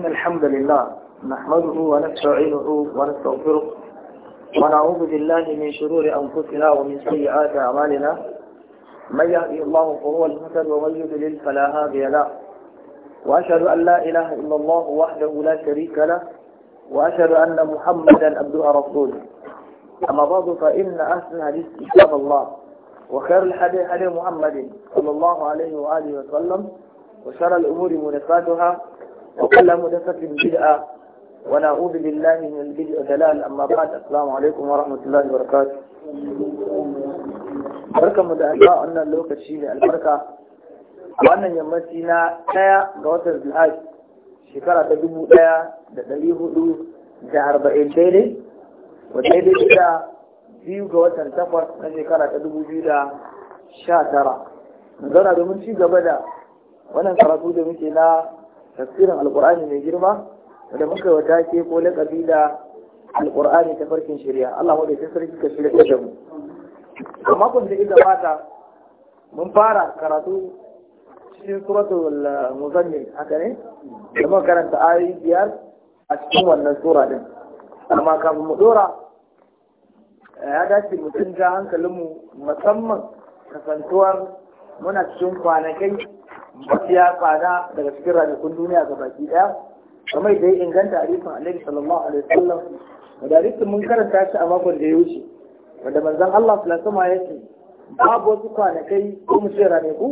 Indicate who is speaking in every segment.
Speaker 1: إن الحمد لله نحمده ونستعينه ونستغفره ونعوذ بالله من شرور أنفسنا ومن سيئات أعمالنا من يهدي الله فهو المهتد ومن يضلل فلا هادي له وأشهد أن لا إله إلا الله وحده لا شريك له وأشهد أن محمدا عبده رسوله أما بعد فإن أحسن الحديث كتاب الله وخير الحديث حديث محمد صلى الله عليه وآله وسلم وشر الأمور محدثاتها وكل مدفة بدعة ونعوذ بالله من البدع والدلال أما بعد السلام عليكم ورحمة الله وبركاته barkan mu da a wannan lokaci mai albarka wannan yammaci na ɗaya ga watan zulhaj shekara ta dubu ɗaya da ɗari hudu da arba'in daidai wa daidai biyu ga watan takwas na shekara ta dubu biyu da sha tara zauna domin ci gaba da wannan karatu da muke na tafsirin alkur'ani mai girma da muka wata ke ko laƙabi da alkur'ani ta farkin shirya Allah wadda da ta sarki ka shirya da mu a makon da ita mata, mun fara karatu cikin suratul eh, muzammil haka ne da muka karanta ayoyi biyar a cikin wannan sura din amma kafin mu dora eh, ya dace mutum ja hankalinmu musamman kasantuwar muna cikin kwanakai ya tsada daga cikin kun duniya ga baki ɗaya kamar dai inganta hadisin annabi sallallahu alaihi wasallam da hadisin mun karanta shi a makon da ya wuce wanda manzon Allah sallallahu alaihi wasallam babu wasu kwanakai ko mu ce ranaku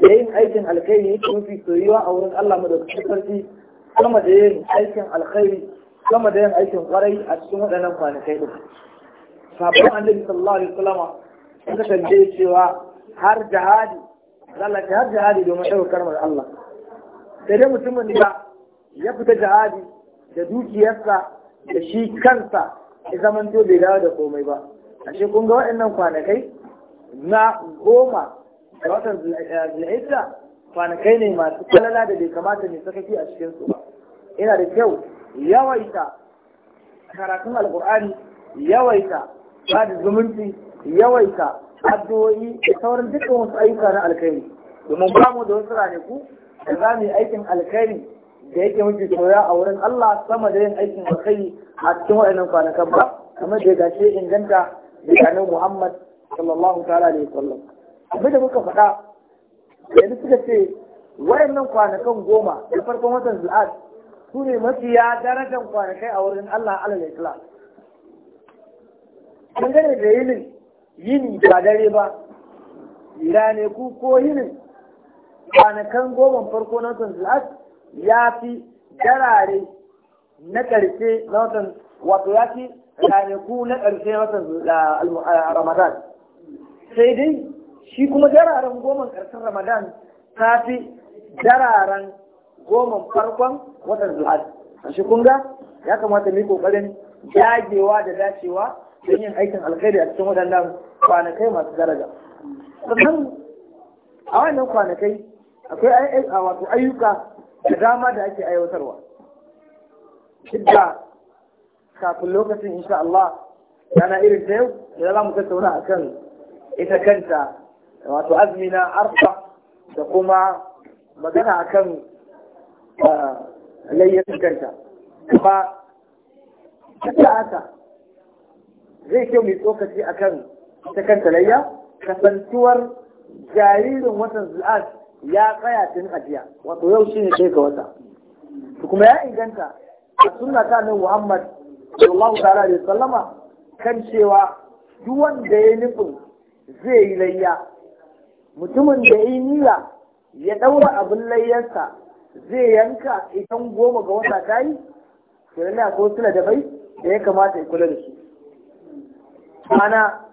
Speaker 1: da yin aikin alkhairi yake mafi soyuwa a wurin Allah madaukakin sarki sama da yin aikin alkhairi sama da yin aikin kwarai a cikin waɗannan kwanakai din sabon annabi sallallahu alaihi wasallam suka tambaye cewa har jihadi Allah ya har jihadi domin ɗaukar karmar Allah sai dai mutumin da ya fita jihadi da dukiyarsa da shi kansa ya zaman to bai dawo da komai ba ashe kun ga waɗannan kwanakai na goma da watan Zulaita? kwanakai ne masu kalala da bai kamata ne sakaki a cikin su ba Ina da kyau yawaita karatun alkur'ani yawaita ba da zumunci yawaita addu'o'i da sauran dukkan wasu ayyuka na alkhairi domin ba mu da wasu ranaku da za mu yi aikin alkhairi da yake muke koya a wurin Allah sama da yin aikin alkhairi a cikin waɗannan kwanakan ba kamar da gashi inganta da Muhammad sallallahu ta'ala alaihi wasallam abin da muka faɗa yanzu suka ce waɗannan kwanakan goma da farkon watan zu'ad su ne mafiya darajar kwanakai a wurin Allah alal Kun gane da yinin yini ba dare ba ku ko yinin kwanakan goma farko na watan zulhaj ya fi darare na karshe na watan wato ya fi ku na karshe na watan ah, ah, ramadan sai dai shi kuma dararen goman karshen ramadan ta fi dararen goman farkon watan zulhaj a shi kunga ya kamata mu yi ƙoƙarin dagewa da dacewa don yin aikin alkhairi a cikin waɗannan kwanakai masu daraja sannan a wannan kwanakai akwai wato ayyuka da dama da ake aiwatarwa Shidda kafin lokacin insha Allah yana irin ta yau da za mu tattauna a kan ita kanta wato azumi na arfa da kuma magana a kan eh, layyar kanta kuma duk da haka zai kyau mai tsokaci a kan ta kan talayya kasantuwar jaririn watan zul'ad ya tsaya tun ajiya wato yau shi ne kai ga wata kuma ya inganta a suna ta nan muhammad sallallahu ta'ala da sallama kan cewa duk wanda ya nufin zai yi layya mutumin da ya yi niyya ya ɗaura abin layyarsa zai yanka idan goma ga wata ta yi to lallai akwai da bai da ya kamata ya kula da su kana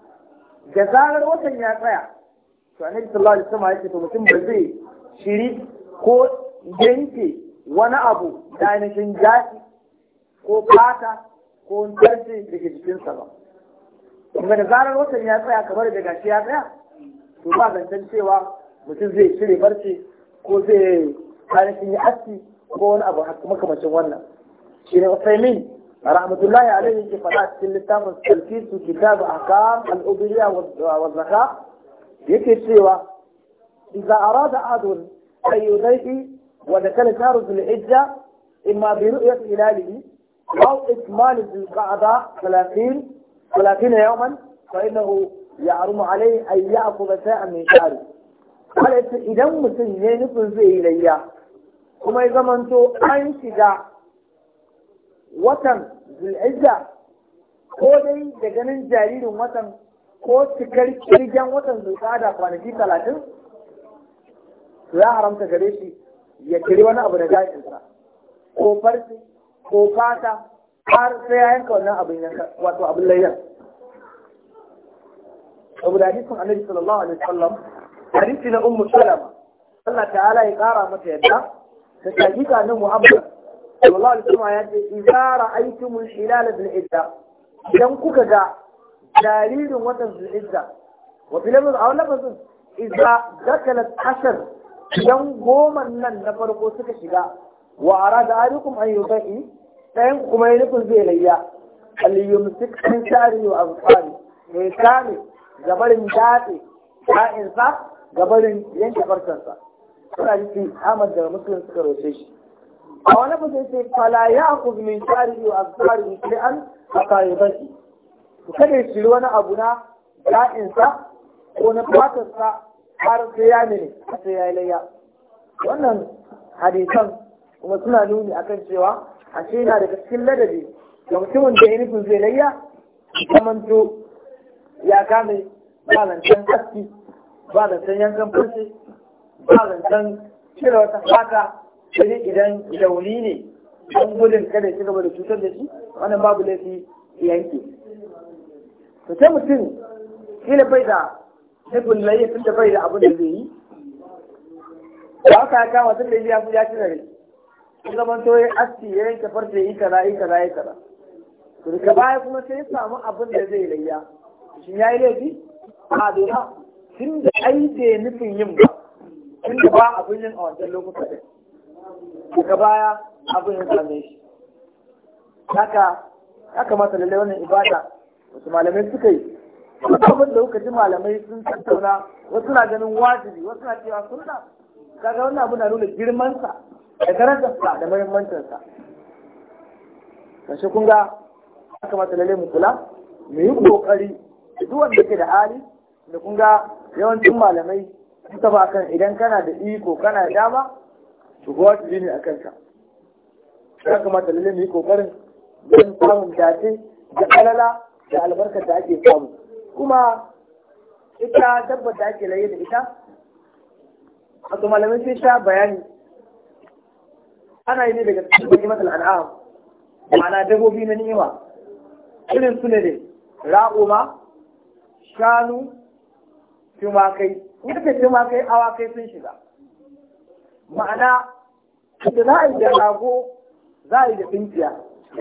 Speaker 1: da zarar watan ya tsaya to annabi sallallahu alaihi wasallam yake to mutum ba zai shiri ko yanke wani abu da ainihin jaki ko fata ko tarce da ke jikinsa ba kuma da zarar watan ya tsaya kamar da gashi ya tsaya to ba zancen cewa mutum zai shirya barci ko zai ainihin yi aski ko wani abu haka makamancin wannan shi ne رحمة الله عليه يجي فلا تلتام التلفيز في كتاب أحكام الأبرياء والزكاة يكتب سوى إذا أراد أحد أن يضيف ودخل شهر ذي الحجة إما برؤية هلاله أو إكمال ذي القعدة 30 30 يوما فإنه يحرم عليه أن يأخذ ساعة من شهره قال إذا مسلم نفذ إليه كما إذا منتو أن شجاع watan zul'izza ko dai da ganin jaririn watan ko cikar kirgen watan da kwanaki talatin ya haramta gare shi ya kiri wani abu da gashinsa ko farce ko fata har sai ya yanka wannan abin yanka wato abin layyar abu da hadisin annabi sallallahu alaihi wasallam hadisi na ummu salama Allah ta'ala ya kara mata yadda ta hakika nan Muhammad sallallahu alaihi wasallam ya ce idza ra'aytumul hilala bil idan kuka ga jaririn watan bil idda wa fil lafz aw lafzin idza ashar idan goman nan na farko suka shiga wa arada alikum an yubai ɗayan kuma ya nufin zai layya aliyumsik an shari wa azfari mai kame gabarin daɗe ta'insa gabarin yanke farkansa suna jiki Ahmad da Muslim suka roce shi a wani ba ce fala ya kuz min shari'i wa azkari shay'an hatta yubati to kada ya wani abu na da'insa ko na fatarsa har sai ya ne sai ya yi layya wannan hadisan kuma suna nuni akan cewa ashe yana daga cikin ladabi da mutumin da ya nufin zai layya manto ya kame ba zancen aski ba zancen yankan fushi ba zancen cire wata fata sai idan yauni ne don gudun kada ya gaba da cutar da shi wannan babu laifi yanke to ta mutum kila bai da nufin layi tun da bai da abin da zai yi ba aka haka wata da ya fi ya ci da rai zaman to ya aski ya yanke farce yi kaza yi kaza yi kaza to daga baya kuma sai ya samu abin da zai layya shin ya yi laifi a dora tun da ai bai nufin yin ba tun da ba abin yin a wancan lokacin daga baya abin ya same shi haka ya kamata lalle wannan ibada wasu malamai suka yi abin da kuka ji malamai sun tattauna wasu na ganin wajibi wasu na cewa sunna kaga wannan abu na nuna girmansa da karantarsa da muhimmancinsa kashe kun ga ya kamata mu kula mu yi kokari duk wanda yake da hali da kun ga yawancin malamai sun taba kan idan kana da iko kana da dama to wajibi ne a kanka ya kamata lalle mu yi kokarin don samun dace da alala da albarkar da ake samu kuma ita dabbar da ake laye da ita A kuma malamai sai ta bayani ana yi ne daga cikin bakin masal an'am ma'ana dabbobi na ni'ima irin su ne ne ra'uma shanu tumakai in ka tumakai awakai sun shiga ma'ana kada za a yi da rago za a yi da tsintiya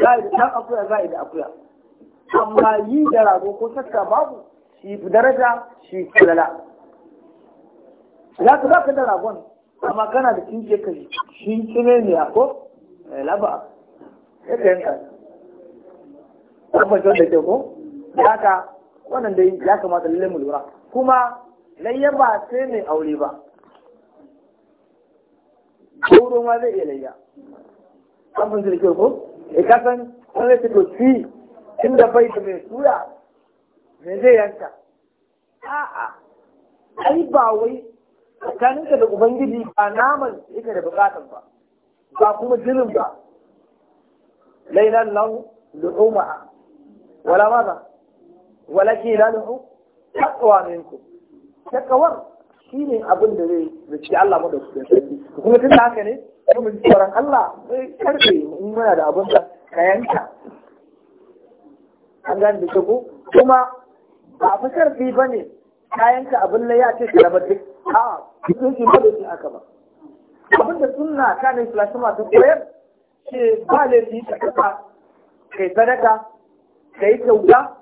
Speaker 1: za a yi da ɗan akuya za a yi da akuya amma yi da rago ko shakka babu shi fi daraja shi kulala za ka za ka da ragon amma kana da tsintiya ka shi kine ne a ko eh, laba ya ka yanka kuma shi wanda ke ko ya ka wannan dai ya kamata lallai mu lura kuma layyar ba sai mai aure ba sauro ma zai iya layya an fahimta da ko e eh, kasan an zai fito fi inda bai da mai sura me zai yanka a'a ai ba wai tsakaninka da ubangiji ba naman yake da bukatan ba ba kuma jirin ba lailan lahu lu'umaha wala maza wala kilalahu taqwa minkum takawar shi ne abin da zai zaki Allah mu da su sarki kuma tun da haka ne ko mun ji tsoron Allah sai karfe in muna da abin da ka yanka an gane da ke ko kuma ba fi karfi ba ne ka yanka abin da ya ce ka duk a cikin shi ba da shi aka ba abin da sunna ta ne filasima koyar ce ba laifi ta ka kai sadaka kai kyauta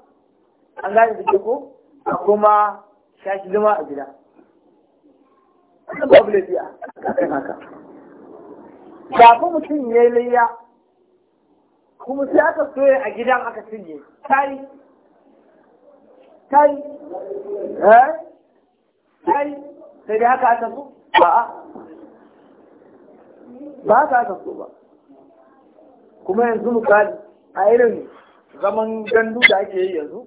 Speaker 1: an gane da ke ko a kuma shashi zama a gida mutum kuma sai aka soya a gidan aka cinye eh, sai ba ba haka aka so ba yanzu a irin zaman gandu da ake yi yanzu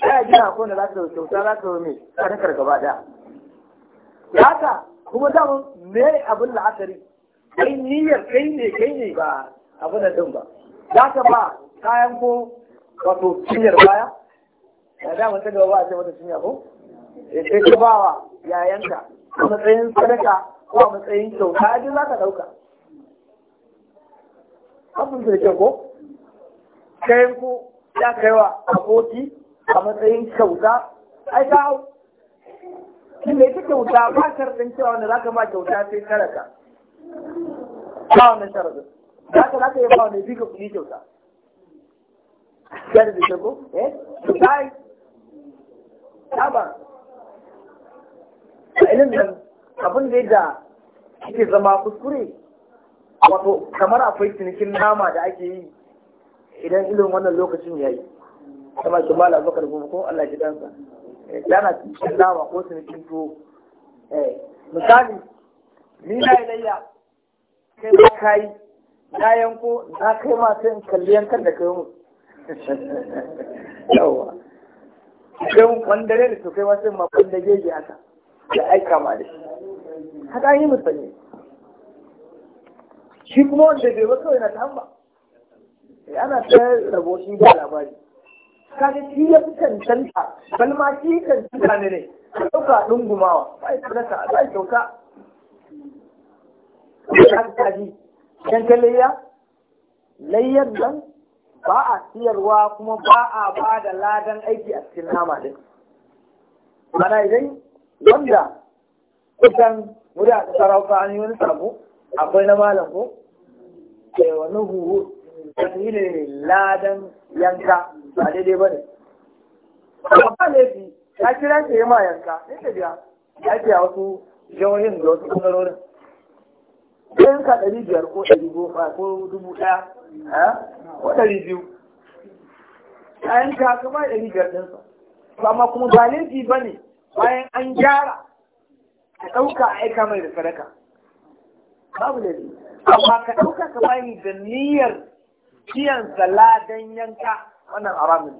Speaker 1: sai a gina akwai da za ta kyauta za ta mai tsarkar gaba daya haka kuma daman me abin la'akari kai niyyar kai ne kai ne ba abin da ba za ba kayan ko wato cinyar baya ya daman ta gaba ba a ce mata cinya ko ya eh, sai ka ba wa yayanka a matsayin sadaka ko a matsayin kyauta a za ka ɗauka abin da kyau ko kayan ko ya kai wa aboki a matsayin kyauta ai ka in da ita kyauta ba sharadin cewa wanda za ka ba kyauta sai karaka ba wannan sharadin za ka za ka yi ba wani bi ka kuɗi kyauta yadda da shago eh bai taba ilin nan abin da da ake zama kuskure wato kamar akwai cinikin nama da ake yi idan irin wannan lokacin ya yi kama shi mala bakar gobe ko Allah ya ji dansa yana cikin dawa ko cinikin tuwo eh, misali ni na ilayya kai ma ka yi na yanko na kai ma sai in kalli yankan da kai mu yawa kai mu kwandare da to kai ma sai ma kwandage ji haka da aika ma da shi haka an yi musanye shi kuma wanda bai ba kawai na tamba eh, ana ta rabo shi da labari kaga shi ya fi cancanta balma shi cancanta ne ne ka ɗauka ɗungumawa ba ya sadaka ba a kyauta ka kaji dan ka layya layyar nan ba a siyarwa kuma ba a ba da ladan aiki a cikin nama din mana idan wanda kusan wuri a sarauta an yi wani sabo akwai na malam ko eh, wani huhu ta ne ladan yanka ba daidai ba ne Kuma ba laifi ya kira ka yi ma yanka sai ka biya ya ke a wasu jihohin da wasu ɓangarorin sai ka ɗari biyar ko ɗari goma ko dubu ɗaya ko ɗari biyu a yanka ka ba ɗari biyar ɗinsa amma kuma ba laifi ba ne bayan an gyara ka ɗauka a aika mai da sadaka babu laifi amma ka ɗauka ka bani da niyyar kiyan ladan yanka wannan haramun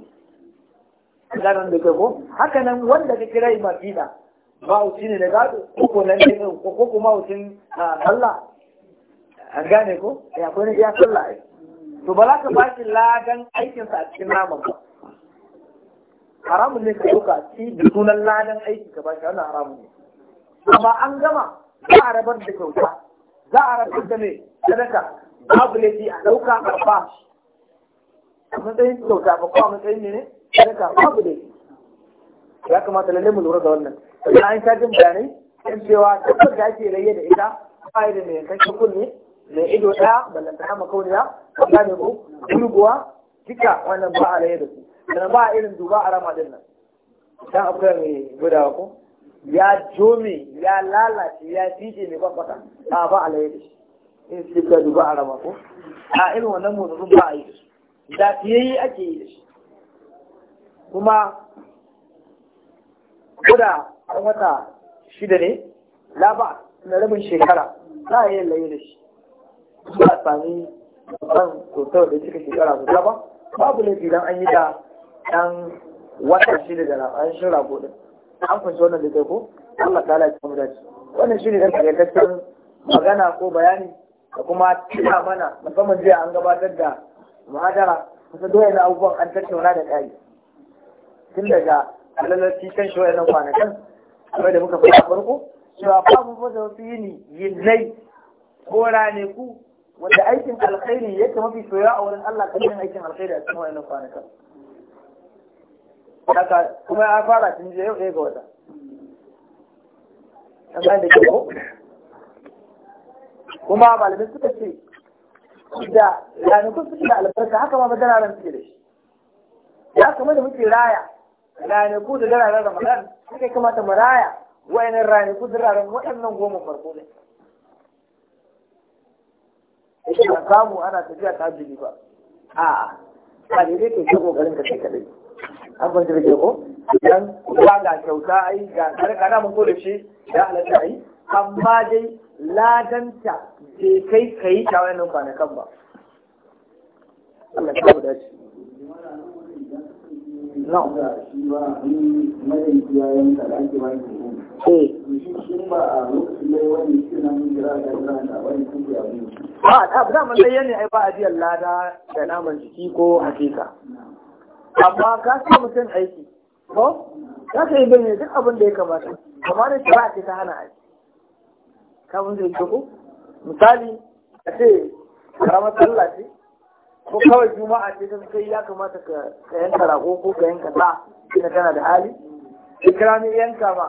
Speaker 1: ne ganin da ko haka nan wanda ka kira imafina ba uci ne da gado ko ko nan ne ko kuma ucin Allah ah, an gane ko ya ko ne ya sallah ai eh. to ba za ka ba shi ladan aikin sa a cikin naman ba haramun ne ka doka ci da sunan ladan aiki ka ba shi wannan haramun ne amma an gama za a rabar da kyauta za a rabar da mai sadaka babu laifi a dauka a ba a matsayin kyauta ba ko a matsayin ne sadaka babu dai ya kamata lalle mu lura da wannan sannan an sha jin bayanai kan cewa dabbar da ake raye da ita ba da mai kashe kunne mai ido ɗaya ballanta hama kauniya ba ne ko gurguwa duka wannan ba a raye da su sannan ba a irin duba a rama din nan dan akwai mai gudawa ko ya jome ya lalace ya fice mai kwakwata a ba a raye da shi in sai ka duba a rama ko a irin wannan motsin ba a yi da su lafiyayye ake yi da shi kuma kuda a wata shida ne laba na rabin shekara za a yi layi da shi ba a sami ran sosai da cika shekara guda ba babu laifi don an yi da ɗan wata shida da an rago godin an kunshi wannan da zai ko Allah ta lafi mu dace wannan shi shine da takaitaccen magana ko bayani da kuma tuna mana musamman jiya an gabatar da muhadara kusa doya na abubuwan an tattauna da ƙari tun daga alalaci kan shi wayannan kwanakan kamar da muka fara farko cewa babu fasa wasu yini yinnai ko ku wanda aikin alkhairi yake mafi soya a wurin Allah kan aikin alkhairi a cikin wayannan kwanakan haka kuma ya fara tun jiya yau ɗaya ga wata an da ke ko kuma malamin suka ce da ranakun suke da albarka haka ma madararen suke da shi ya kama da muke raya ku da dararen ramadan suka kamata mu raya wayannan ku da dararen waɗannan goma farko ne yake ba samu ana tafiya ta jiri ba a ba ne dai ke ta kokarin ka kai kaɗai an kwanta da ke ko dan ba ga kyauta ai ga kare kana mun ko da shi ya halatta ai amma dai ladanta ce kai ka yi ta na kwanakan ba Allah ta guda ce shi eh. ba
Speaker 2: yanka da ake ba ba
Speaker 1: a ba ba a biyan lada da naman jiki ko hakika amma ka sa mutum aiki ko za ka yi duk abin da ya kamata kamar da ta hana aiki kamun zai ko misali a ce karamar sallah ce ko kawai juma'a ce ta kai ya kamata ka yanka rago ko ka yanka sa ina kana da hali ikira ne yanka ma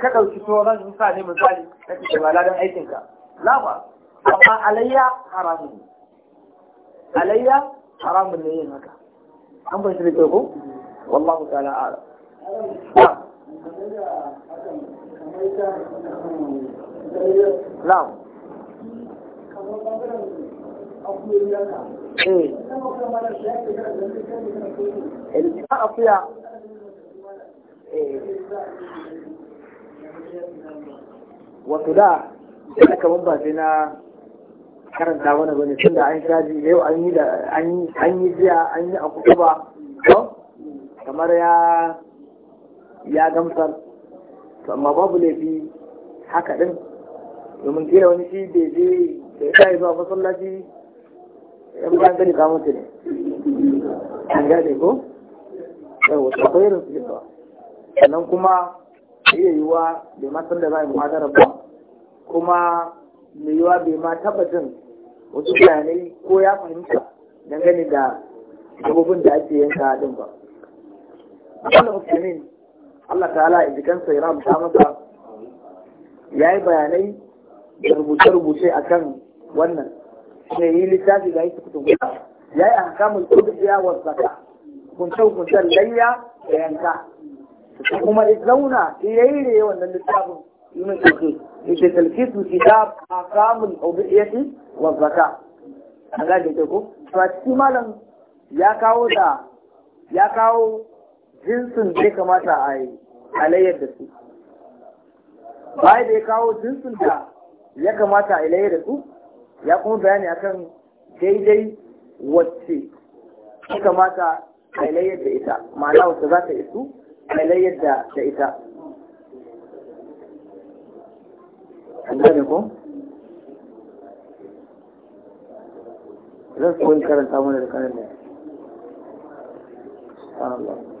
Speaker 1: ka ɗauki sauran sa ne misali na cikin ladan aikinka lafa amma alayya haramun ne alayya haramun ne yin haka an shi da ko wallahu ta'ala a'lam
Speaker 2: na'am
Speaker 1: eh a akuya eh. wato da da kamar ba sai na karanta wani bane tun da an shaji yau an yi da an yi jiya an yi a kuka ba kamar ya ya gamsar to amma babu laifi haka din domin kira wani shi bai je da ya yi zuwa masallaci yan bayan gani ka mutu ne an gane ko yawa wata irin su yawa sannan kuma iya yiwuwa bai ma san da za a yi muhadarar ba kuma mai yiwuwa bai ma taba jin wasu bayanai ko ya fahimta dangane da abubuwan da ake yanka din ba.
Speaker 2: Allah Musulmin
Speaker 1: Allah ta'ala ya jikansa ya rabuta masa ya yi bayanai da rubuce-rubuce a kan wannan ne yi littafi da yake kutu guda ya yi a hakamun kudiya wa zaka kunce-kuncen layya da yanka kuma ya zauna ya yi yawan nan littafin yunin ƙarfi yake talkisu kitab hakamun kudiya wa zaka a gajin teku. Fati Malam ya kawo da ya kawo jinsin zai kamata a yi alayyar da su bai da ya kawo jinsin da ya kamata a ilayyar da su ya kuma bayani akan daidai wacce ya kamata a ilayyar da ita ma'ana wacce za ta isu ilayyar da ita ko zan so in karanta mana da kanan da ya Allah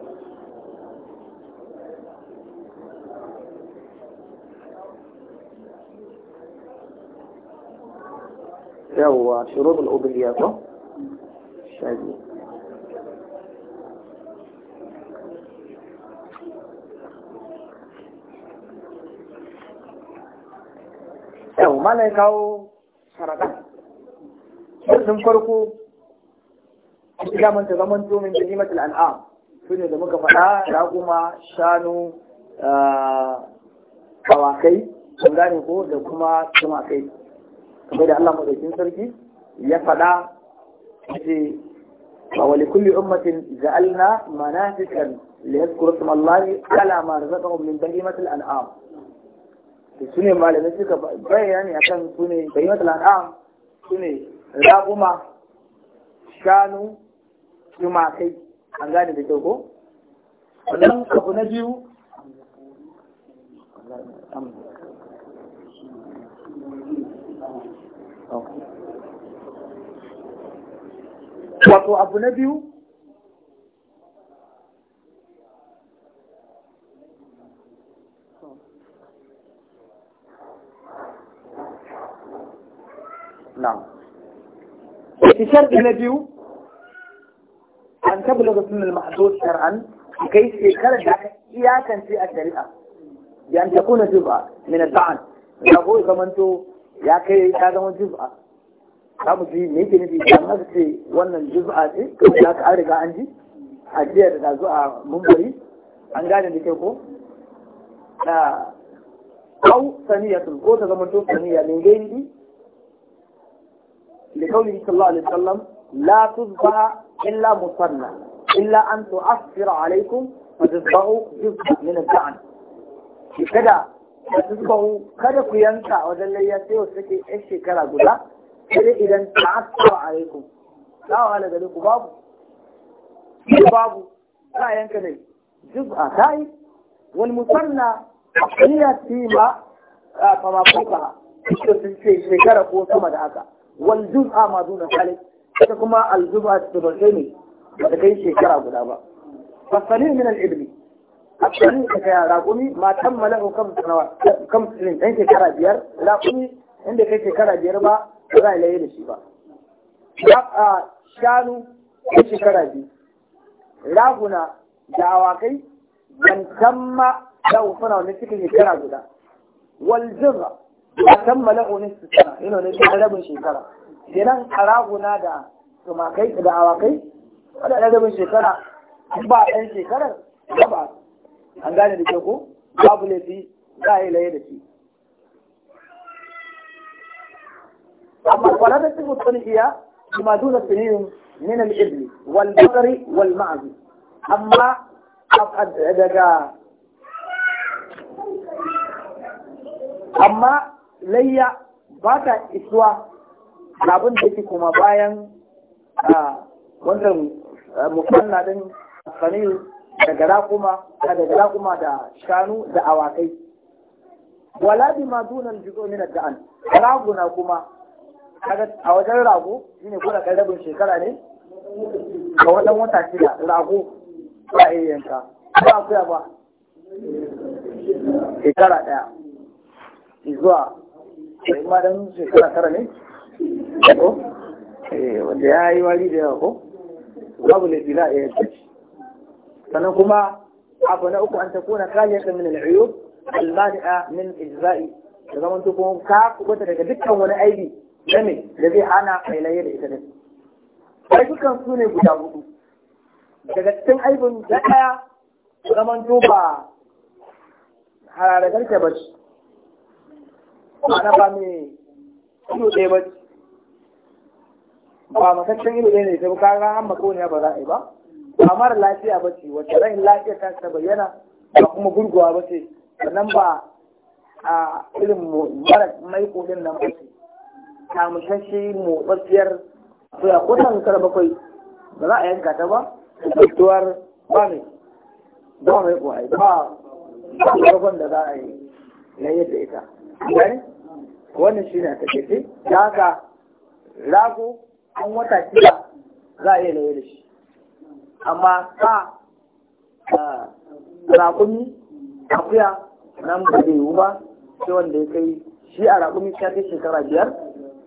Speaker 1: yawwa shurubul ubudiyya ko sha biyu yau kawo sharaɗa shirin farko damanta zaman domin da nimatul an'am su ne da muka faɗa da kuma shanu ah, awakai sun gane ko da kuma tumakai kamar da Allah madaukin sarki ya faɗa ce wa wali kulli ummatin ja'alna manasikan li yadhkuru isma Allah ala ma razaqahum min bahimati al-an'am sune malamai suka bayani akan sune bahimati al-an'am sune raƙuma shanu tumakai an gane da kyau ko wannan abu na biyu wato abu na biyu نعم في شرط نبيو أن تبلغ اسم المحدود شرعا كي يكرد إياكا في الشريعة بأن تكون جزءا من الطعن لو ضمنت ya kai ya zama juz'a za mu ji me yake nufi idan aka ce wannan juz'a ce kuma ya ka riga an ji a jiya da dazu a mumbari an gane da ke ko na saniya sun, ko ta zama to saniya ne gairi da kauli sallallahu alaihi wasallam la tuzba illa musanna illa an tu'assira alaikum fa tuzba'u juz'a min al-ta'an kada da kada ku yanka a wajen layya sai wasu suke yan shekara guda sai idan ta asara a yaku za a hana gari ku babu babu za a yanka dai duk a tayi wal fi ma a fama fuka sun ce shekara ko sama da haka Wani duk a ma duna kalik ita kuma al juz'a ta ne ba ta kai shekara guda ba fasalin minan al ibni Akwai da kaya raƙumi matan mala'u kam sanawa kan silin ɗan shekara biyar raƙumi inda kai shekara biyar ba ba za a laye da shi ba shanu ɗan shekara biyu raguna da awakai ban tamma a ufana wani cikin shekara guda wal jirra matan mala'u ne su sana yana wani ta rabin shekara kenan a raguna da tumakai da awakai waɗanda rabin shekara ba ɗan shekarar ba an gane da ke ku babu laifi za a yi laye da shi amma kwanar da cikin sun iya kuma duna sinin min al-ibli wal bakari wal ma'azi amma daga amma layya ba ta isuwa labin da yake kuma bayan ah, wannan ah, na din sanil daga raƙuma daga raƙuma da shanu da awakai wala bi ma dunan ne min da'an raguna kuma a wajen rago shine kuna kai rabin shekara ne ga wadan wata shida rago ba yi yanka ba a kuya ba shekara ɗaya zuwa sai eh, ma dan shekara tara ne ko eh, wanda ya yi wari da yawa ko babu ne dina a sannan kuma abu na uku an ta kuna kaliyar min al'uyub al-badi'a min ijza'i da zaman to kuma ka kubuta daga dukkan wani aibi da me da zai hana kailaye da ita din sai dukkan su ne guda hudu daga cikin aibin da daya zaman to ba hararagar ta bace ana ba me ido ɗaya bace ba mataccen ido ɗaya ne ta bukara an mako ne ba za a yi ba ba mara lafiya ba ce wacce rahin lafiya ta ta bayyana ba kuma gurguwa ba ce sannan ba a irin mara mai kodin nan ba ce kamushashe motsassiyar soya ko tankar bakwai ba za a yanka ta ba tattuwar ba ne ba mai kwaye ba farkon da za a yi na yadda ita gani wannan shi ne ta kefe ta haka rago an wata shida za a iya lauye da shi amma sa raƙumi akuya nan ba zai yiwu ba sai wanda ya kai shi a raƙumi ya kai shekara biyar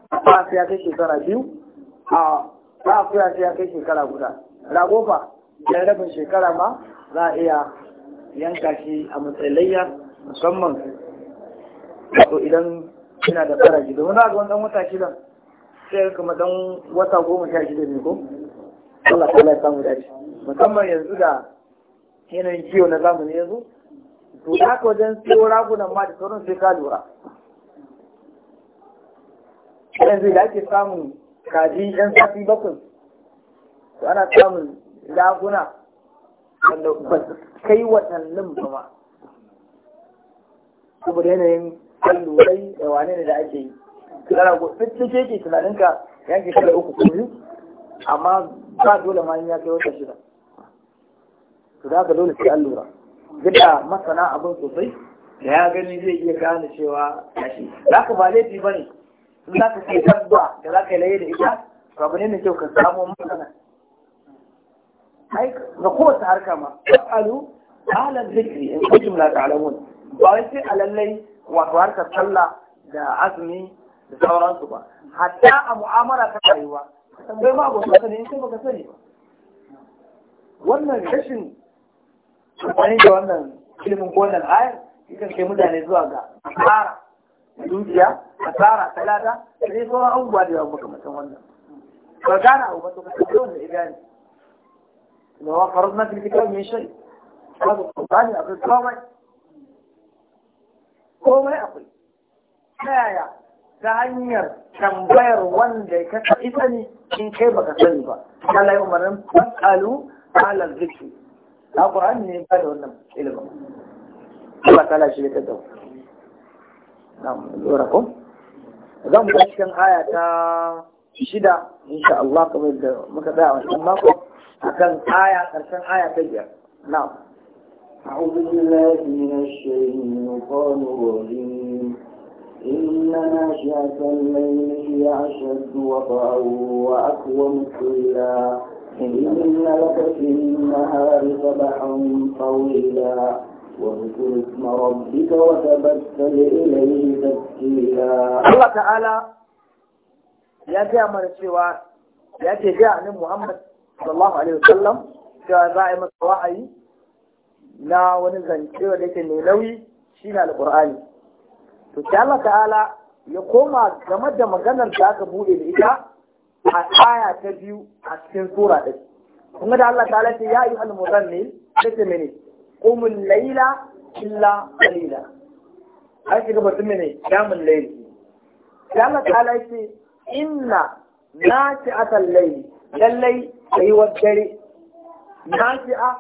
Speaker 1: ba sai ya kai shekara biyu a ba akuya shi ya kai shekara guda ragofa ya yan rabin shekara ma za a iya yanka shi a matsayin layya musamman to idan kina da fara domin wani a ga wani dan wata shida sai kuma dan wata goma sha shida ne ko Allah ta ya samu dace musamman yanzu da yanayin kiwo na zamani yanzu to da haka wajen siyo ragunan ma da sauran sai ka lura yanzu da ake samun kaji yan sati bakwai to ana samun raguna wanda ba su kai watannin ba ma saboda yanayin allurai da wane ne da ake yi kana ko duk ke tunaninka yanke shida uku ko amma ba dole ma ya kai wata shida to da ka dole sai an lura gida masana abin sosai da ya gani zai iya gane cewa yashi za ka ba laifi ba ne in za ka kai tabba da za ka yi laye da ita to abu ne mai kyau ka samu masana ai ga kowace harka ma alu ala zikri in kuntum ta alamun. ba wai sai alallai wato harkar sallah da azumi da sauransu ba hatta a mu'amala ta rayuwa tambayi ma abota sani in kai baka sani ba wannan rashin amfani da wannan ilimin ko wannan ayar yakan kai mutane zuwa ga asara dukiya asara talata da dai an abubuwa da yawa makamantan wannan ba gana abu ba to ka tafi wanda ya gane da wa faru na kirkitar mai shari ba su kusani akwai komai komai akwai ta yaya ta hanyar tambayar wanda ka kaɗi sani in kai baka sani ba Allah ya umarnin fasalu alal zikri alquran ne ba da wannan ilimin ba kala shi da dawo na lura ko zan mu cikin aya ta shida insha Allah kamar da muka tsaya wannan mako akan aya karshen aya ta biyar na أعوذ
Speaker 2: بالله من الشيطان الرجيم إن ناشئة الليل هي أشد وطئا وأقوم قيلا إن لك في النهار سبحا طويلا واذكر اسم ربك وتبتل إليه تبتيلا
Speaker 1: الله تعالى يا جامع السوى يا جامع محمد صلى الله عليه وسلم cewa za a لا ونزل wa'ayi na wani شين wanda yake to sai Allah ta'ala ya koma game da maganar da aka bude da ita a aya ta biyu a cikin sura ɗin kuma da Allah ta'ala ce ya yi al ta ce mene qumul laila illa qalila ai kiga batun mene mun laili sai Allah ta'ala ce inna nafi'atal layl lallai tsayuwar dare a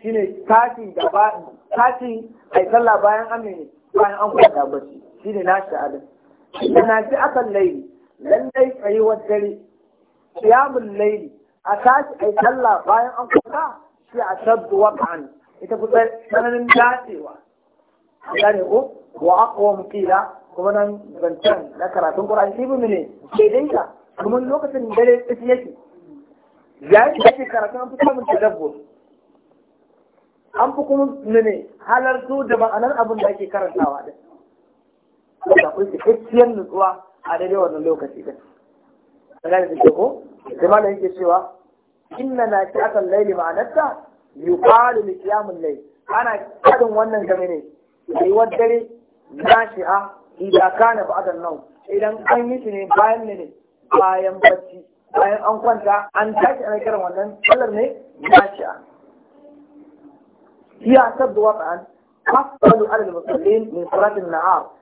Speaker 1: shine tashi gaba tashi ai sallah bayan amini bayan an kwanta bacci shi ne nashi abin da na ji akan laili lallai tsayuwar dare kiyamun laili a tashi ai sallah bayan an kuka shi a shaddu waqan ita fi tsananin dacewa gane ko wa aqwa qila kuma nan zancen na karatun Qur'ani shi bi ne sai dai ka kuma lokacin dare tsaci yake yayin da ake karatun an fi samun tadabbur an fi kuma ne halartu da ma'anar abin da ake karantawa din ka samu cikakkiyar nutsuwa a daidai wannan lokaci din an gane da ko sai malam yake cewa inna na shi akan laili ma'anarta yuqalu da qiyamul layl ana kadin wannan game ne sai wadare nashi'a idan na ba'dan nawm idan an yi shi ne bayan ne bayan bacci bayan an kwanta an tashi ana kiran wannan kalar ne nashi'a هي أشد وطئا أفضل على المصلين من صلاة Na'ar.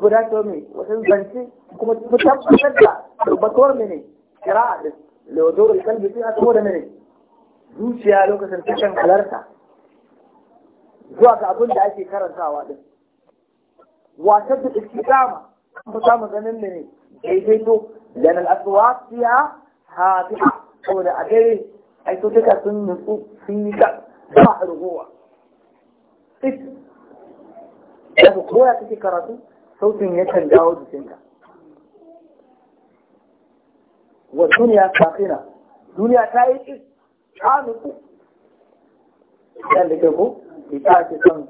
Speaker 1: guda to me wajen zance kuma mu tabbatar da tabbatuwar mene kira'a din lewado alƙalbi sai a tabo da mene zuciya lokacin cikin halarta zuwa ga abin da ake karantawa din wasan da istiqama kuma samun ganin mene to da nan aswa fiya a. saboda a gare ai to duka sun nutsu sun yi ka ba rugowa duk da koya kake karatu sautin yakan dawo jikinka wa duniya kafina, duniya ta yi ƙi ta nutsu yadda ke ko ta ake son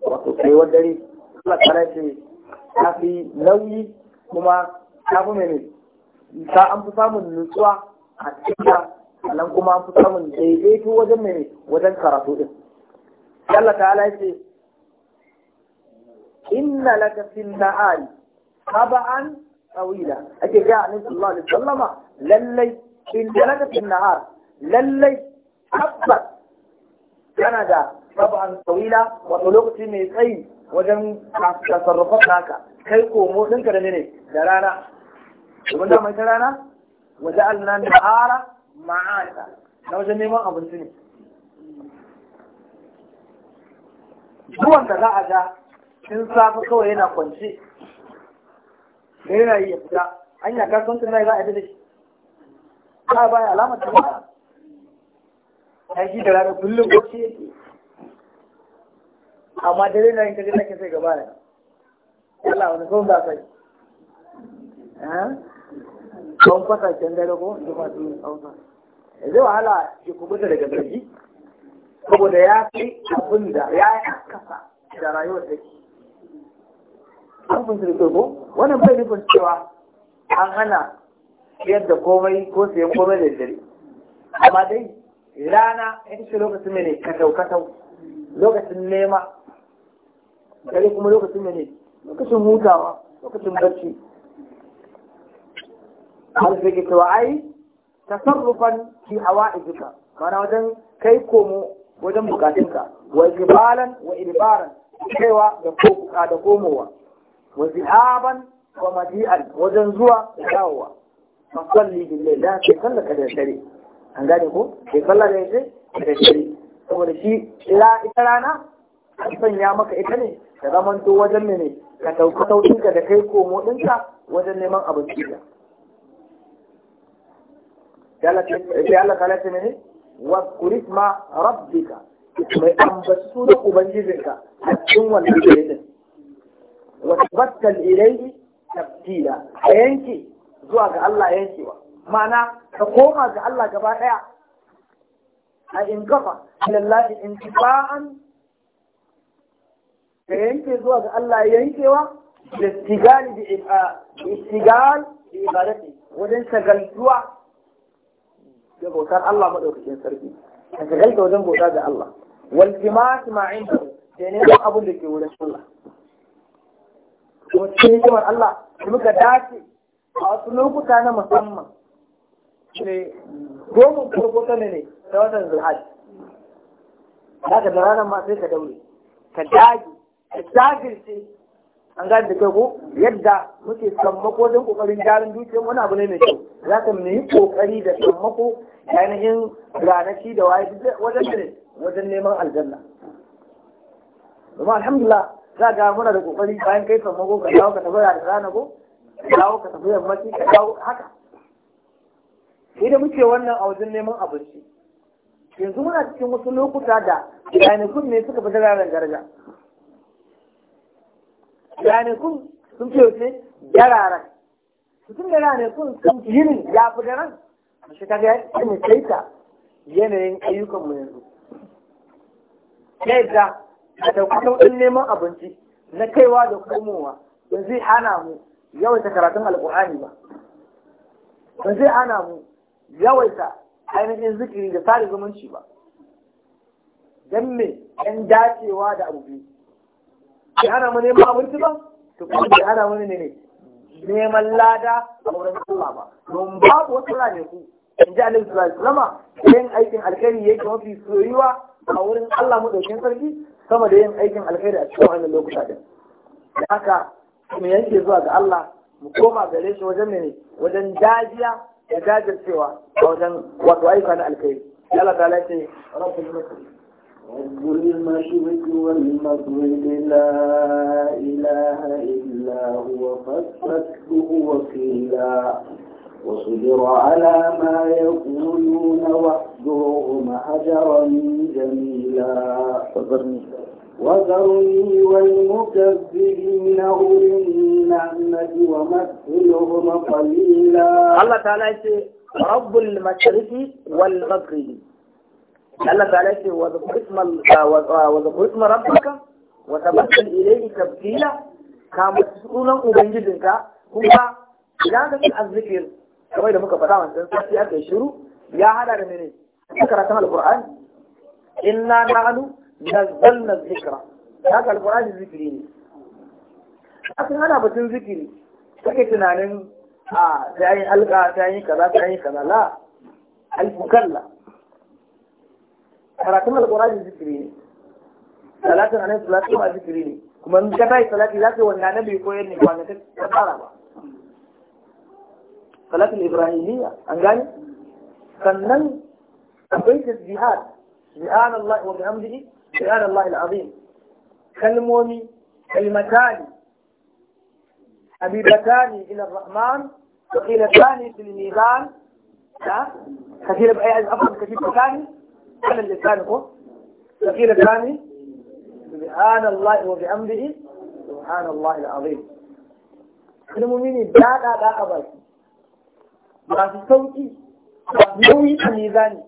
Speaker 1: wato tsayuwar dare Allah kare ce ta fi nauyi kuma ta fi mene, ta an fi samun nutsuwa a cikin sannan kuma an fi samun daidaito wajen mene wajen karatu din Allah ta'ala ya ce inna laka fil na'al taba'an tawila ake ga annabi sallallahu alaihi wasallama lallai inna laka fil na'al lallai tabbas kana da taba'an tawila wato lokaci mai tsayi wajen tasarrufar naka kai komo ɗinka da ne da rana domin da mai rana waje alna na'ara ma'ata na wajen neman abinci ne zuwan da za a ga tun safa kawai yana kwance da yana yi ya fita an sun kasuwancin na za a yi da shi ba ba ya alamar ta ba ya shi da rana kullum ce yake amma da yana yin kaji nake sai gaba da yalla wani kawai ba sai kawai eh? kwasa can dare ko da masu hausa zai wahala ya kubuta daga zargi saboda ya fi abin da ya yi akasa da rayuwar da ke an kun sirke wannan bai nufin cewa an hana yadda komai ko siyan komai da dare amma dai rana in ce lokacin ne katau katau lokacin nema dare kuma lokacin ne lokacin hutawa lokacin barci har sai ke cewa ai tasarrufan fi hawa ijika mana wajen kai komo wajen bukatunka wa jibalan wa idbaran kaiwa da komowa wa zihaban wa maji'an wajen zuwa da dawowa fa salli billahi da ke sallaka da dare an gane ko ke salla da yace da saboda shi ila ita rana an sanya maka ita ne da zamanto wajen ne ka da kai komo ɗinka wajen neman abinci da sai Allah ta lafi ne wa kurisma rabbika mai ambaci sunan ubangijinka a cikin watabattal ilayhi tabtila ka yanke zuwa ga Allah yankewa ma'ana ka koma ga Allah gaba daya a in gafa lillahi in tifa'an yanke zuwa ga Allah yankewa da tigali da istigal da shagaltuwa da bautar Allah madaukakin sarki ka shagalta wajen bauta ga Allah wal jima'a ma'inda da ne abun da ke wurin Allah wacce hikimar Allah da muka dace a wasu lokuta na musamman ne goma farko ta ne ta watan zulhaj za ka da ranar ma sai ka daure ka dage ka jagirce an gane da kai ko yadda muke sammako don kokarin jarin dukiyar wani abu ne mai kyau za ka mu yi kokari da sammako yanayin ranaki da waye wajen ne wajen neman aljanna domin alhamdulillah za ga muna da kokari bayan kai mago ka dawo ka tafi da rana ko dawo ka tafi yammaci ka dawo haka sai da muke wannan a wajen neman abinci yanzu muna cikin wasu lokuta da yanakun ne suka fi dararen daraja yanakun sun fi yaushe dararen tun da yanakun sun fi yinin ya fi daren a shekara ya ce mu ta yanayin ayyukanmu yanzu ta yadda a ɗauki sauƙin neman abinci na kaiwa da komowa don zai hana mu yawaita karatun alƙur'ani ba don zai hana mu yawaita ainihin zikiri da sada zumunci ba don me ɗan dacewa da abubu biyu ki hana mu neman abinci ba to kuma ki hana mu ne neman lada a wurin Allah ba don babu wasu ranaku in ji alaihi sallallahu alaihi wasallam yin aikin alkhairi yake mafi soyuwa a wurin Allah mu ɗaukin sarki sama da yin aikin alkhairi a cikin wannan lokuta din da haka mu yanke zuwa ga Allah mu koma gare shi wajen ne wajen dajiya da jajircewa a wajen wato ayyuka na alkhairi Allah ta lace rabbul mutum
Speaker 2: رب المشرق والمغرب لا إله إلا هو فاستكبه وكيلا وصبر على ما يقولون واهجرهم هجرا جميلا وذرني
Speaker 1: وذرني والمكذبين اولي النعمه ومثلهم قليلا الله تعالى رب المشرق والمغرب الله تعالى واذكر اسم واذكر اسم ربك وتبتل اليه تبتيلا كما تسكن ubangijinka kuma idan ka ci kamar da muka faɗa wancan sati aka yi shiru ya hada da mene a karatun alƙur'ani inna na'anu nazzalna zikra haka alƙur'ani zikiri ne akan hana batun zikiri kake tunanin a ta yi alƙa ta yi kaza ta yi kaza la alfukalla karatun alƙur'ani zikiri ne salatin annabi salatu ma zikiri ne kuma in ka yi salati za ka yi na annabi koyar ne ba ka fara ba صلاة الإبراهيمية قال فنن أبيت الجهاد سبحان الله وبحمده سبحان الله العظيم كلموني كلمتان حبيبتان إلى الرحمن وقيلتان في الميزان كثير بأي عز أفضل كثير بكاني أنا اللي كانكو وقيلتان سبحان الله وبحمده سبحان الله العظيم كلموني داقا داقا بيت masu sauki masu nauyi a mizani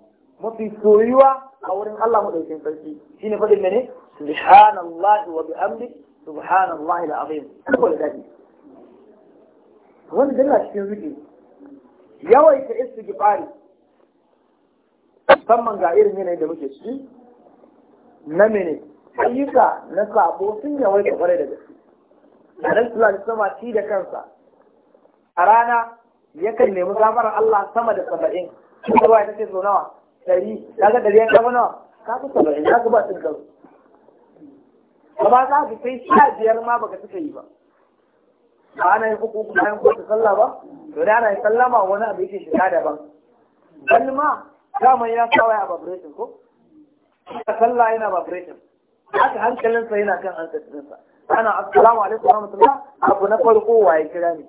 Speaker 1: mafi soyuwa a wurin Allah maɗaukin sarki ne faɗin mene subhanallahi wa bihamdi subhanallahi alazim ko da dadi Wani dalla cikin zuci yawaita istighfari musamman ga irin yanayin da muke ciki na mene ayyuka na sabo sun ka kware da gaske a nan sulani sama ci da kansa a rana yakan nemi gafarar Allah sama da saba'in kuma ruwa ya ce so dari ɗari kaga ɗari ya kama nawa ka fi saba'in ka ba su. gaba amma za ka kai sha biyar ma baka suka yi ba ba ana yi uku kuma bayan kowace sallah ba to da ana yi sallama wani abu yake shiga ban wani ma daman ya sawa ya vibration ko ka sallah yana vibration haka hankalinsa yana kan hankalinsa ana assalamu alaikum wa rahmatullah abu na farko waye kira ne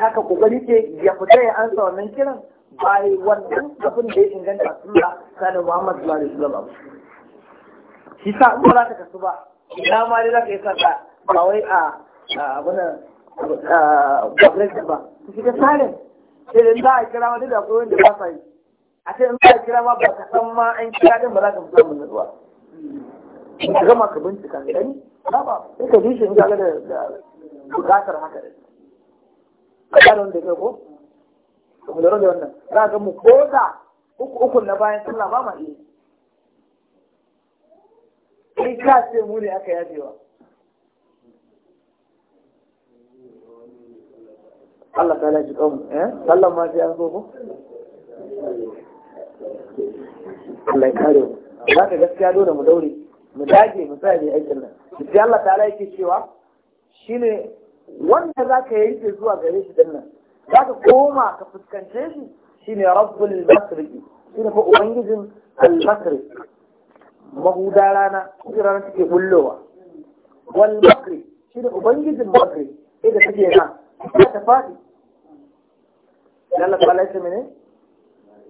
Speaker 1: haka kokari ke ya fita ya ansa wannan kiran bai wannan abin da ya inganta sunna kana Muhammad sallallahu alaihi wasallam shi sa in ba za ka kasu ba ina ma dai za ka yi sarka ba wai a abunan gwamnati ba ku shiga salin sai da za a kira ma duk da akwai wanda ba sa yi a ce in za a kira ma ba ka san ma an kira din ba za ka fito mun nutsuwa ka gama ka bincika ne? ba ba sai ka bi shi in ga da bukatar haka dai karon da kai ko mu lura da wannan za ga mu ko da uku uku na bayan sallah ba ma iya kai ka ce mu ne aka yafewa Allah ta laji kanmu eh sallan ma sai an so ko Allah ya kare za ka gaskiya dole mu daure mu dage mu sa ne aikin nan sai Allah ta laji cewa shine wanda za ka yanke zuwa gare shi dinnan za ka koma ka fuskance shi shine rabbul masriki shine fa ubangijin al-masri mahuda rana ita rana take bullowa wal makri shine ubangijin makri ita take na za ta fadi Allah ta laisa mene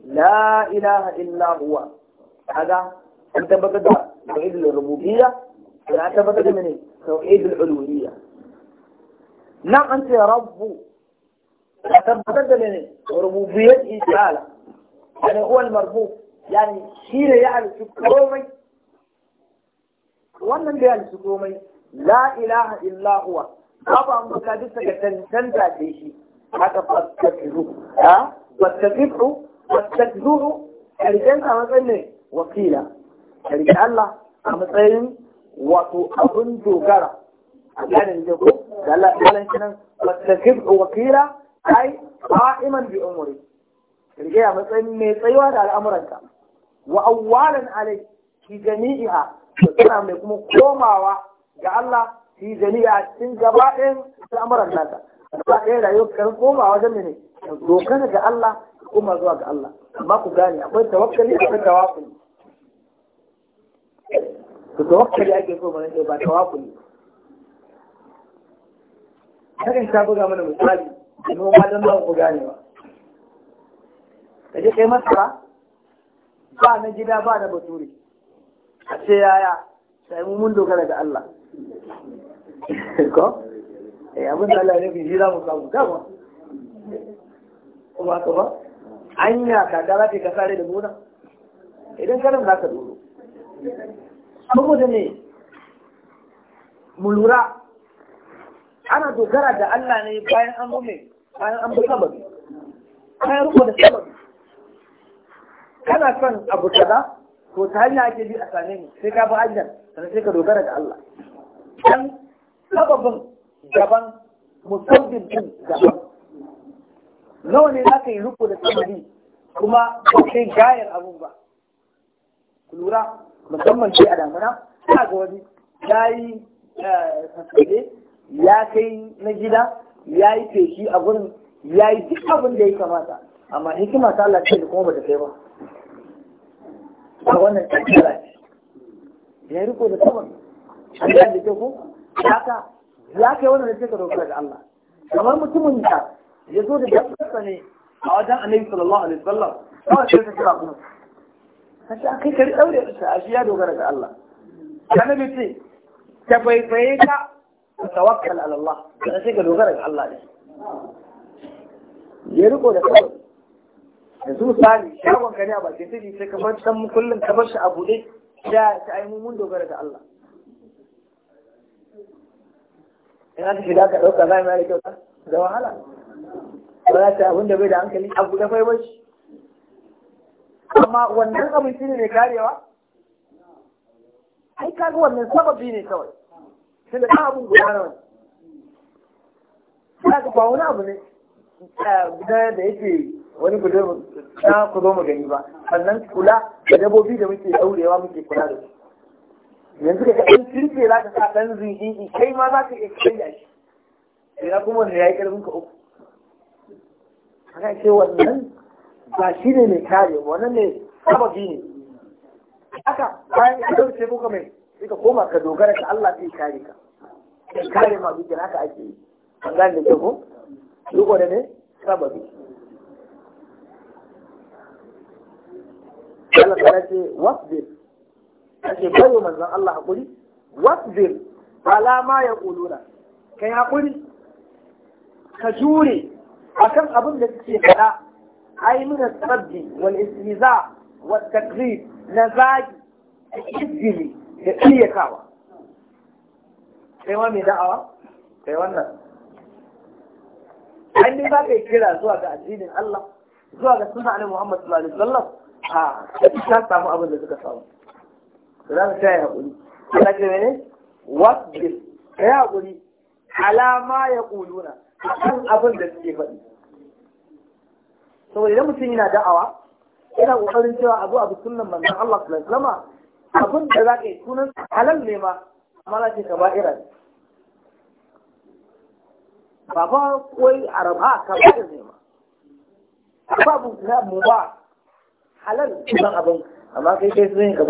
Speaker 1: la ilaha illa huwa kaga an tabbatar da tauhidul rububiyya ya an tabbatar da mene tauhidul uluhiyya نعم أنت يا رب أتبدد من يعني ربوبية إنسالة يعني هو المربوب يعني شيرة يعني شكرومي وانا اللي يعني شكرومي لا إله إلا هو طبعا مكادسك تنسان تأتيشي حتى فاستكذوه ها فاستكذوه فاستكذوه يعني أنت ما تقلني وكيلة حريك الله أمتين وتؤذن تجارة يعني اللي هو قال لا قال كده فاستخف وكيلا أي قائما mai رجع a ميتيوا على أمرك وأولا عليه في جميعها فكنا منكم komawa ga الله في جميع cikin gabaɗin al'amuran nasa ba ɗaya rayuwar kan koma wajen ne dokana ga Allah kuma zuwa ga Allah amma ku gane akwai tawakkali akwai tawakkuli to tawakkali ake so mana ba hakan ta buga mana misali noma don ba ku ba kaje kai masa ba na gida ba na bature a ce yaya sai mun dogara da Allah ko eh abun da Allah ne bi jira mu samu dama kuma ka ba anya ka gara ka sare da muna. idan karan za ka doro saboda ne mu lura ana dogara da Allah ne bayan an mume bayan an bi sababi kai rubo da kana son abu kaza to ta hanya ake bi a same ni sai ka bi hanyar sannan sai ka dogara da Allah dan sababin gaban musabbin din gaban nawa ne za ka yi rubuta da kuma ba kai gayar abun ba lura musamman ce a damuna ta ga wani ya yi fasile eh, ya kai na gida ya yi feshi a gurin ya yi duk abin da ya kamata amma hikima ta Allah ce kuma bata kai ba a wannan tattara ce ya riko da saman an yi da ke ko haka ya kai wannan da take dogara da Allah kamar mutumin da ya zo da dabbarsa ne a wajen annabi sallallahu alaihi wasallam kawai sai ta kira kuma kace kai kari daure ta a shi ya dogara ga Allah annabi ce ta faifaye ka ka tawakkal ala Allah kana sai ka dogara ga Allah ne ya riko da kai yanzu misali shagon ka ne a bakin titi sai ka bar san kullum ka bar shi a buɗe da ta ai mun dogara ga Allah in aka da ka ɗauka za mu yi kyauta da wahala ba za ta abin da bai da hankali a buɗe fai bai amma wannan abin shi ne karewa ai kaga wannan sababi ne kawai tunda da abin guda nawa ne ka ba wani abu ne eh, guda da yake wani guda na ku zo mu gani ba sannan kula da dabobi da muke daurewa muke kula da su yanzu ka ɗan kirke za ka sa ɗan zinjin kai ma za ka iya kai da shi ina kuma wanda ya yi ƙarfin ka uku haka ce wannan ba shi ne mai kare wannan ne sababi ne haka bayan ka dauce kuka mai sai ka koma ka dogara ka Allah zai kare ka kare ma bikin haka ake yi Ban gane da ke ko riko da ne sababi Allah ta ce wasbir ake bayo manzon Allah hakuri wasbir ala ma yaquluna kai hakuri ka jure akan abin da suke faɗa ai min sabbi wal istiza wa takrib na zagi da izgili da iyakawa kai ma mai da'awa kai wannan an dai za ka yi kira zuwa ga addinin Allah zuwa ga suna annabi Muhammad sallallahu alaihi wasallam a ka samu abin da suka samu za ka tsaya hakuri kana ce mene wasbil kai hakuri alama ya kuluna akan abin da suke faɗi saboda idan mutum yana da'awa yana kokarin cewa abu abu sunnan manzon Allah sallallahu alaihi wasallam abin da za ka yi sunan halal ne ma amma ce ce kaba'ira ba ba wai araba ba ne ma babu na mu ba halal ba abin amma kai kai sun yi ka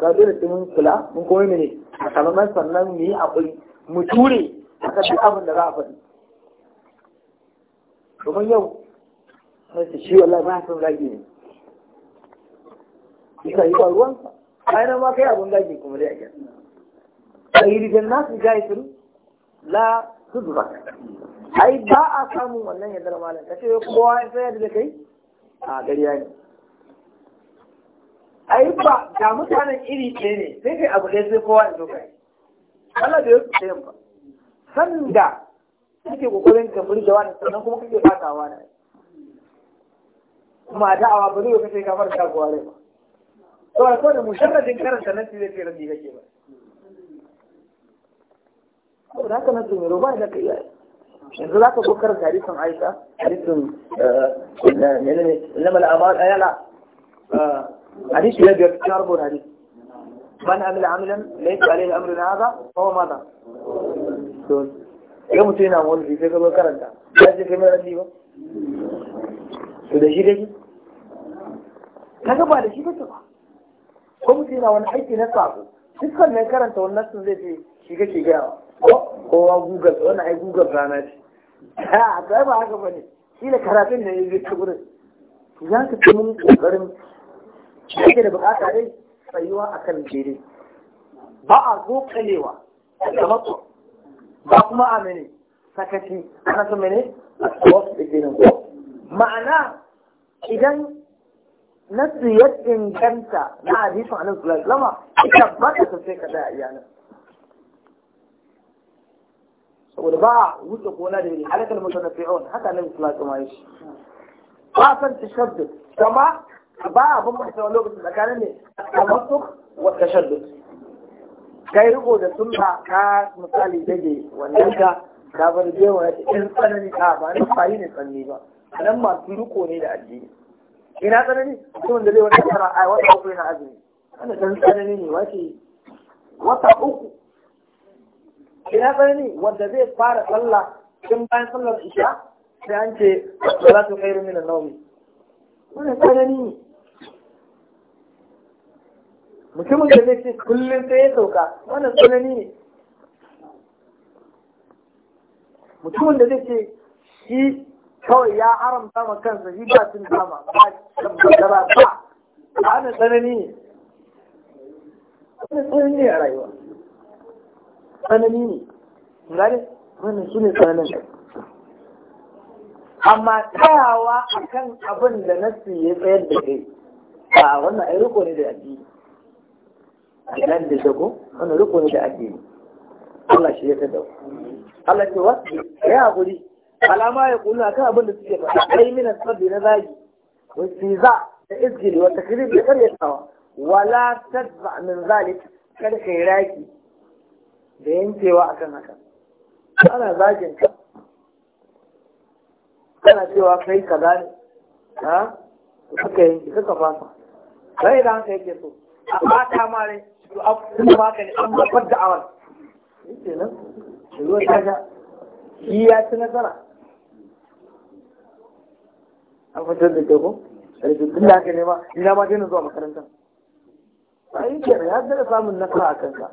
Speaker 1: kaba'ir din mun kula mun kuma mene a kalmar sannan mu yi akwai mu ture a kashe abin da za a faɗi domin yau sai shi wallahi ba sun rage ne Isa yi ba ruwansa. ainihin ma kai abin gaji kuma dai a gyan ƙairigan nasu gaifin la ba. ai ba a samun wannan yadda malin ka ce kuma wani sai yadda da kai a gari ya ne ai ba ga mutanen iri ɗaya ne sai kai abu ɗaya sai kowa ya zo kai Allah da ya su ɗayan ba sanin da kake kokarin ka da wani sannan kuma kake fatawa na kuma a da'awa ba zai kace kamar shagowa rai ba فأكون مجرد إنكار سنتي ذي ردي هجيبا لا تنظم ربا لك يا إن ذلك بكر تاريخ عيسى حديث من لما الأمار أي لا آه، حديث لا بيكتشاربوا الحديث من عمل عملا ليس عليه الأمر هذا فهو ماذا سون يوم تين أمول في فيك بكر أنت هذا كم الأدية سودا شيء لكن هذا بعد شيء بتوقع ko mutum yana wani aiki na sako dukkan mai karanta wannan sun zai ce shiga kake gaya kowa google wani ai google rana ce a tsaye ba haka ba ne shi da karatun da ya zai ta gurin za ka ci mun kokarin ake da bukata dai tsayuwa a kan jere. ba a zo kalewa da mako ba kuma a mene sakaci ana su mene a kowa da ke nan ma'ana idan nasu ya inganta na hadisin annabi sallallahu alaihi wasallam ita ba ta sai ka da iyalin saboda ba wuce gona da halakar mutanafi'un haka annabi sallallahu alaihi wasallam shi ba a san tashaddud kama ba abin mutum wani lokacin tsakanin ne tamattuk wa tashaddud kai riko da ba ka misali dage wannan ka ka bar jewa in tsanani ka ba ni fayi ne tsanani ba nan masu riko ne da addini ina tsanani mutumin da zai wata tsara a wata uku yana azumi wanda dan tsanani ne wace wata uku ina tsanani wanda zai fara sallah tun bayan sallar isha sai an ce kai rumi na nawmi wanda tsanani ne mutumin da zai ce kullum sai ya sauka wanda tsanani ne mutumin da zai ce shi kawai ya haramta ma kansa shi ba sun dama ba gaba ba ana tsanani ne tsanani ne a rayuwa tsanani ne gane wannan su ne tsananin amma tsayawa a kan abin da nasu ya tsayar da kai a wannan ai riko ne da addini idan da shago wannan riko ne da addini Allah shi ya tada Allah ce wa? ya haƙuri alama ya kula kan abin da suke faɗa ai mina sabbi na zagi والسيزاء الإذجل والتكذيب بغير يسوى ولا تتبع من ذلك كان خيراكي da yankewa a kan haka ana zagin kana cewa kai ka gane ha suka yanki suka fasa sai idan haka yake so a bata ma rai to a kuma baka ne an babbar da awal yake nan ruwan kaja shi ya ci nasara an fitar da ke ko alhamdulillah haka ne ma ina ma daina zuwa makaranta sai ke ne har da samun nasara a kanka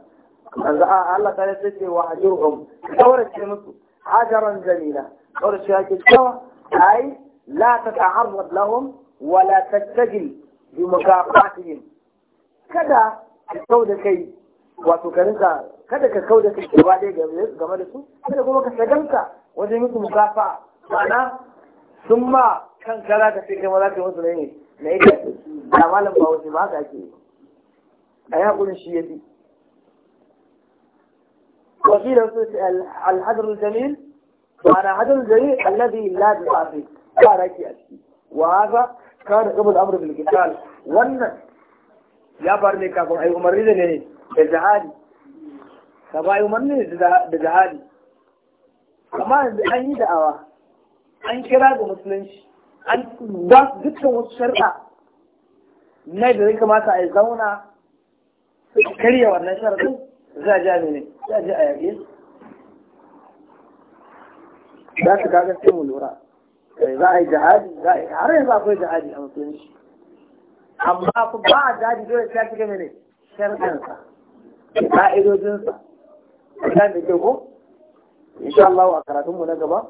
Speaker 1: yanzu a Allah ta yace ce wa ajurhum kaurace musu hajaran jamila kaurace yake cewa ai la tata'arrad lahum wa la tattajil bi mukafatihim kada ka kau da kai wato ka rinka kada ka kau da kai gaba ɗaya game da su kada kuma ka shagalta wajen musu mukafa ma'ana sun ma kan kara ka sai kama zaka musu ne na yi kasu Da malam ba wasu ba ka ke a ya kun shi ya fi. wafi da su ce alhadar jamil ba na hadar jamil alladi ladin afi ba da ke a ciki wa haka kawai da kama da amurka bilkital wannan ya faru ne kafin a yi umarni da ne da jihadi ka ba yi umarni da jihadi amma an yi da'awa an kira ga musulunci an ba dukkan wasu shari'a na da zai kamata a zauna karya wannan sharaɗin za a ja ne za a ji a yaƙe za su kaga sai mu lura eh, za a yi jihadi za a yi har yanzu akwai jihadi a musulunci amma ku ba a jihadi dole sai shiga mene sharɗinsa ka'idojinsa kan da ke ko insha Allah a karatunmu na gaba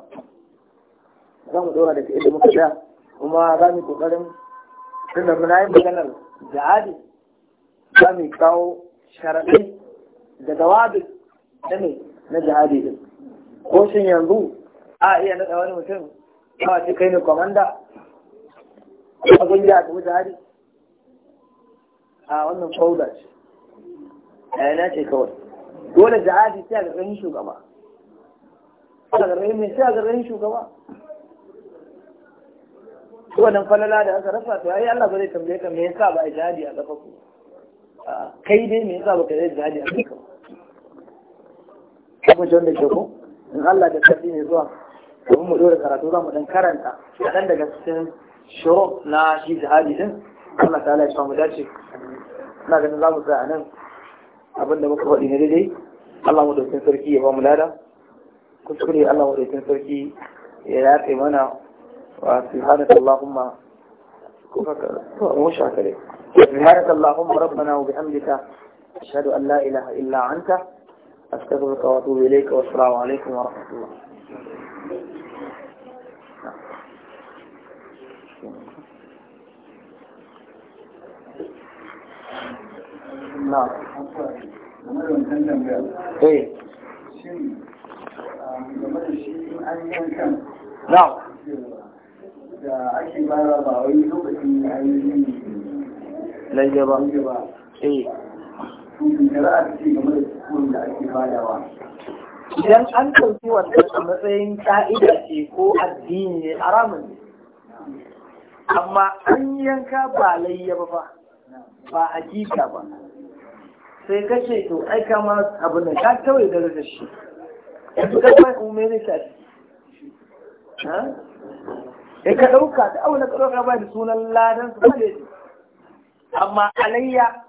Speaker 1: za mu dora da ke ilimin muka kuma za mu kokarin tunda muna yin maganar jihadi za mu kawo sharaɗi da dawabi da ne na jihadi din ko shin yanzu a iya naɗa wani mutum ba ce kai ne kwamanda a gungiya ta jihadi a wannan fauda ce yana eh, ce kawai dole jihadi sai a garin shugaba a ƙarƙashin mai sai a shugaba wannan falala da aka rasa to ai Allah ba zai tambaye ka me yasa ba a jihadi a kafa ku kai dai me yasa ba ka yi jihadi a kafa ku kuma wanda ke ko in Allah da sarki ne zuwa domin mu dora karatu za mu dan karanta kaɗan daga cikin shuru na shi jihadi din Allah ta ya samu dace ina ganin za mu tsaya a nan abin da muka faɗi ne daidai Allah mu sarki ya ba mu lada kuskure Allah mu sarki ya yafe mana وسبحانك اللهم مش سبحانك اللهم ربنا وبحمدك أشهد أن لا إله إلا أنت أستغفرك وأتوب إليك والسلام عليكم ورحمة الله
Speaker 2: نعم إيه. نعم, نعم. da idan
Speaker 1: an ɗauki wannan a matsayin ka'ida ce ko addini ne haramun ne amma an yanka ba layya ba ba ba hakika ba sai ka ce to ai kama abu da ka kawai da shi yanzu ka kawai umarni ka in ka ɗauka da abu da ka ɗauka bai da sunan ladan su ne amma alayya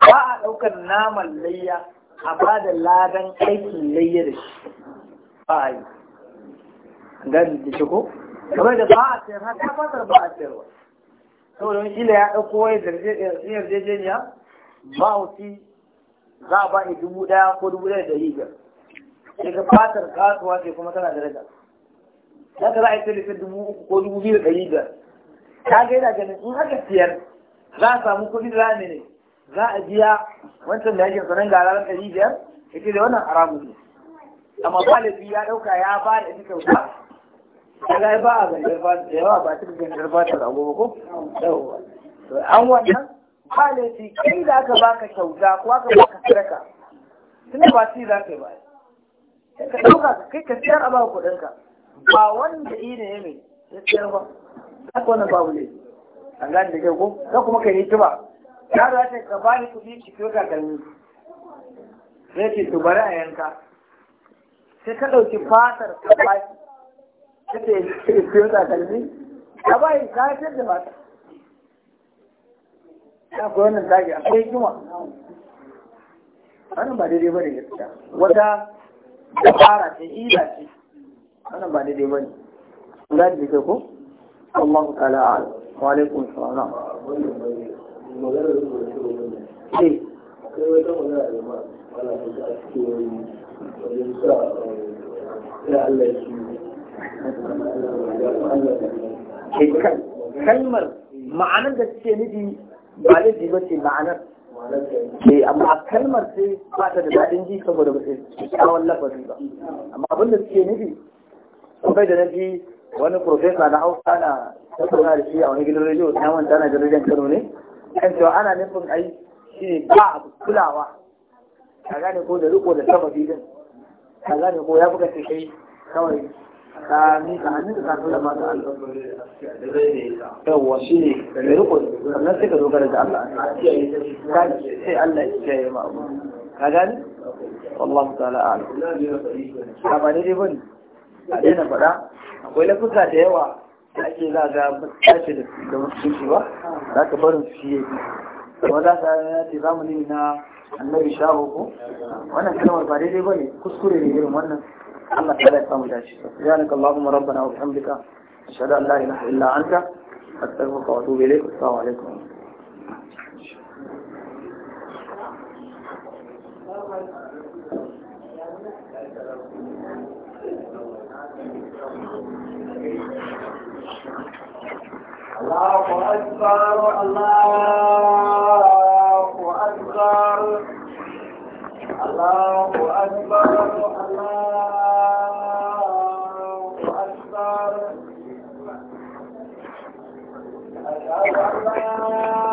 Speaker 1: ba a ɗaukar naman layya a ba da ladan aikin layya da shi ba a yi gani da shi ko kamar da ba a sayar har ta fatar ba a sayarwa saboda wani ila ya ɗauko wani yarjejeniya ba wuti za a ba ni dubu ɗaya ko dubu ɗaya da ɗari biyar daga fatar kasuwa ce kuma tana da daraja za ka za a yi sai dubu uku ko dubu biyu da ɗari biyar ka ga yana ganin in haka siyar za a samu kuɗi da rami ne za a biya wancan da yake sanan ga na ɗari biyar ya ce da wannan haramu ne amma da ya ɗauka ya ba da ita kyauta ta ga ba a gangar ba da yawa ba ta gangar ba ta rago ko An wannan Ba da balabi kai da aka baka kyauta ko aka baka sadaka tunda ba shi za ka yi ba sai ka ɗauka kai ka siyar a ba kuɗinka ba wanda ina ya mai ya tsayar ba haka wannan babu ne an gani da kyau ko ka kuma kai yi yaro ya ce ka ba ni kuɗi ki fiye takalmi zai ce to bari a yanka sai ka ɗauki fatar ka ba shi ka ce ki fiye takalmi ka ba yi ka fiye da ta ya kuwa wannan zagi akwai kuma wannan ba daidai ba ne gaskiya wata dabara yi ila ce wannan ba daidai ba ne ga da ke ko Allah ta'ala wa alaikum salam
Speaker 2: eh akwai wata magana da ma wala ta ake wani wajen sa eh, ya Allah shi eh, kalmar
Speaker 1: ma'anar da suke nufi ba laifi ba ce ma'anar ke eh, amma kalmar sai ba ta da daɗin ji saboda ba sai kyawun lafazi ba amma abin da suke nufi kai da na wani profesa na hausa na tattauna da shi a wani gidan rediyo na wanda ana jirgin kano ne kan cewa ana nufin ai shi ne ba a kulawa a gane ko da riko da sababi din a gane ko ya buga kai kawai ka miƙa hannun ka kula ma da Allah yawwa shi ne da riko sannan sai ka dogara da Allah ka sai Allah ya yi ma ka gane والله تعالى أعلم. أما نجيبني a daina faɗa akwai lafuka da yawa da ake za ga tashi da musulunci ba za ka barin su shi kuma za ka ya ce zamani na annabi shaho ko wannan kalmar ba daidai ba ne kuskure ne irin wannan Allah ta laifa mu dace subhanak allahumma rabbana wa bihamdika ashhadu an la ilaha illa anta astaghfiruka wa atubu ilayk assalamu alaikum
Speaker 2: Thank you. الله أكبر الله أكبر الله أكبر الله أكبر أشهد أن